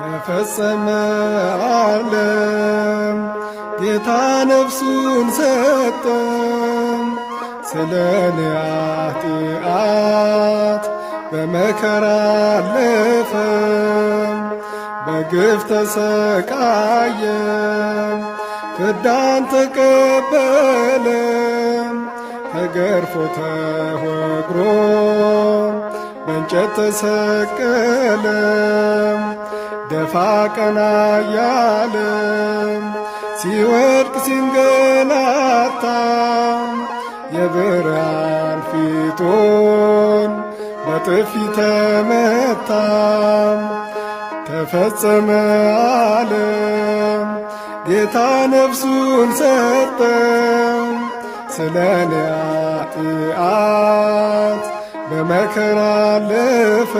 ተፈጸመ ዓለም ጌታ ነፍሱን ሰጠ ስለ ንያጢአት በመከራ አለፈ በግፍ ተሰቃየ ፍዳን ተቀበለ ተገርፎ ተወግሮ በእንጨት ተሰቀለ ደፋ ቀና ያለ ሲወድቅ ሲንገላታ የብርሃን ፊቱን በጥፊ ተመታ። ተፈጸመ ዓለም ጌታ ነፍሱን ሰጠ ስለ ከመከራ አለፈ